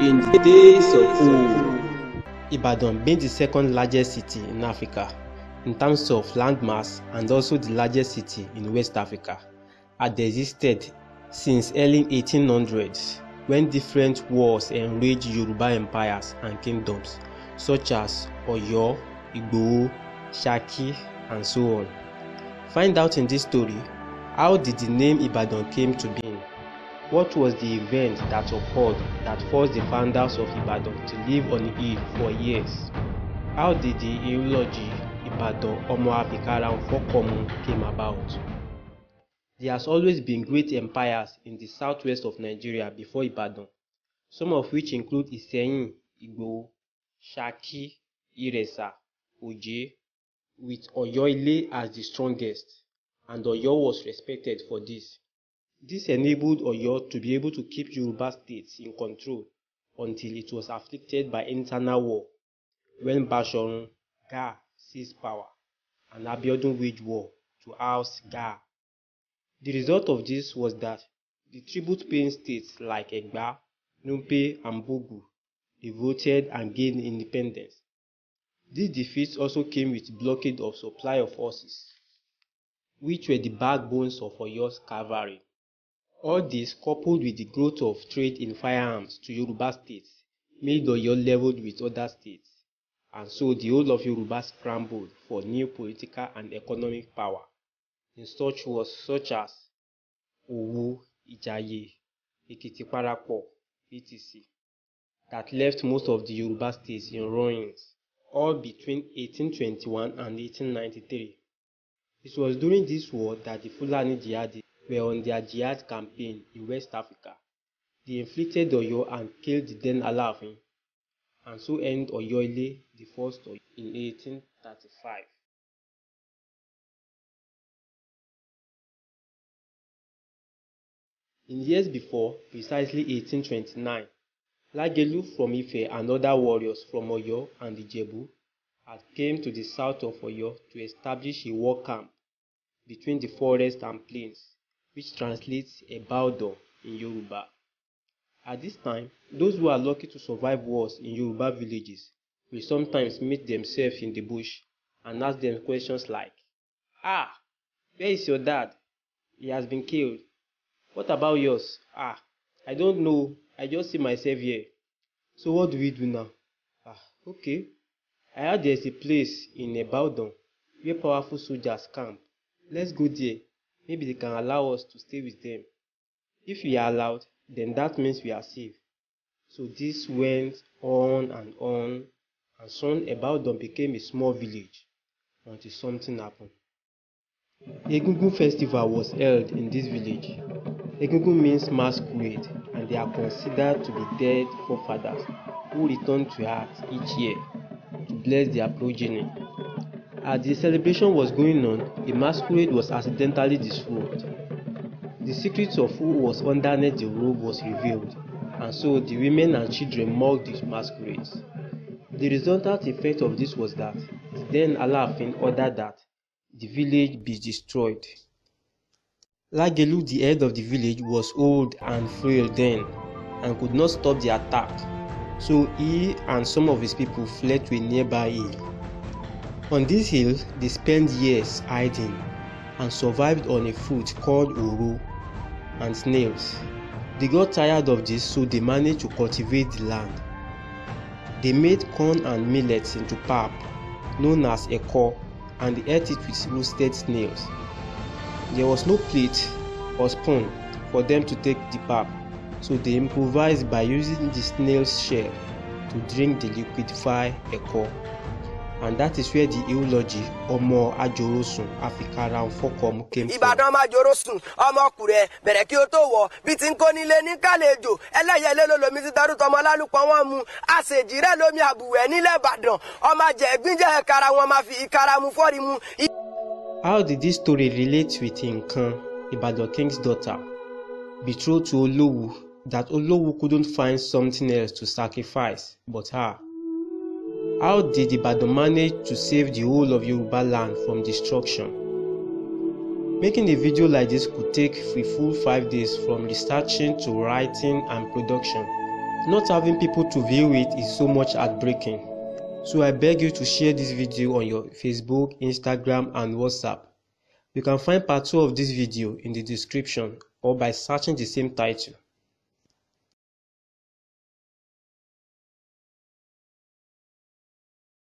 in the days of old. Ibadan being the second largest city in Africa in terms of landmass and also the largest city in West Africa had existed since early 1800s when different wars enraged Yoruba empires and kingdoms such as Oyo, Igbo, Shaki and so on. Find out in this story how did the name Ibadan came to being. What was the event that occurred that forced the founders of Ibadan to live on ill for years? How did the eulogy Ibadan Omo Abikaram Fokomu came about? There has always been great empires in the southwest of Nigeria before Ibadan, some of which include Iseyin, Igbo, Shaki, Iresa, Oje, with Oyo Ile as the strongest, and Oyo was respected for this. This enabled Oyo to be able to keep Yoruba states in control until it was afflicted by internal war when Bashorun Ga seized power and Abiodun waged war to oust Ga. The result of this was that the tribute paying states like Egba, Numpe, and Bogu revolted and gained independence. These defeats also came with blockade of supply of horses, which were the backbones of Oyo's cavalry. All this, coupled with the growth of trade in firearms to Yoruba states, made Oyo level with other states, and so the whole of Yoruba scrambled for new political and economic power in such wars such as Owu, Ijaye, Ikiti-Parapo, etc., that left most of the Yoruba states in ruins, all between 1821 and 1893. It was during this war that the Fulani jihadists were on their jihad campaign in West Africa. They inflicted Oyo and killed the then Alaafin, and so ended Oyoile deforestation in 1835. In years before, precisely 1829, Lagelu from Ife and other warriors from Oyo and Ijebu had came to the south of Oyo to establish a war camp between the forest and plains which translates a bow door in Yoruba. At this time, those who are lucky to survive wars in Yoruba villages will sometimes meet themselves in the bush and ask them questions like, Ah, where is your dad? He has been killed. What about yours? Ah, I don't know. I just see myself here. So what do we do now? Ah, okay. I heard there's a place in Ebaudan where powerful soldiers camp. Let's go there maybe they can allow us to stay with them. If we are allowed, then that means we are safe. So this went on and on, and soon about them became a small village until something happened. Egungun festival was held in this village. Egungun means masquerade, and they are considered to be dead forefathers who return to earth each year to bless their progeny as the celebration was going on, a masquerade was accidentally disrobed. The secret of who was underneath the robe was revealed, and so the women and children mocked the masquerades. The resultant effect of this was that then Alaafin ordered that the village be destroyed. Lagelu, the head of the village, was old and frail then and could not stop the attack, so he and some of his people fled to a nearby hill. On this hill, they spent years hiding and survived on a food called uru and snails. They got tired of this, so they managed to cultivate the land. They made corn and millets into pap, known as ekor, and they ate it with roasted snails. There was no plate or spoon for them to take the pap, so they improvised by using the snail's shell to drink the liquidified ekor. and that is where the eulogy ọmọ ajorosun afikaran fọkọm came from. ìbàdàn máa joro sùn ọmọ ẹ bẹ̀rẹ̀ kí o tó wọ̀ bí ti ń kó nílé ní kálejò ẹlẹ́yẹlé lolomi ti darúgbó ọmọ lálùpọ̀ wọn mu àṣejìrẹ́ lomi àbùwẹ̀ nílẹ̀ ìbàdàn ọmọ àjẹ̀gbínjẹ̀ ìkara wọn máa fi ìkara mu fọ́ọ̀rì mu. how did this story relate with nkan ibadan king's daughter betrothed to olowu that olowu couldn't find something else to sacrifice but her. How did Ibadan manage to save the whole of Yoruba land from destruction? Making a video like this could take a full 5 days from researching to writing and production. Not having people to view it is so much heartbreaking. So I beg you to share this video on your Facebook, Instagram and WhatsApp. You can find part 2 of this video in the description or by searching the same title.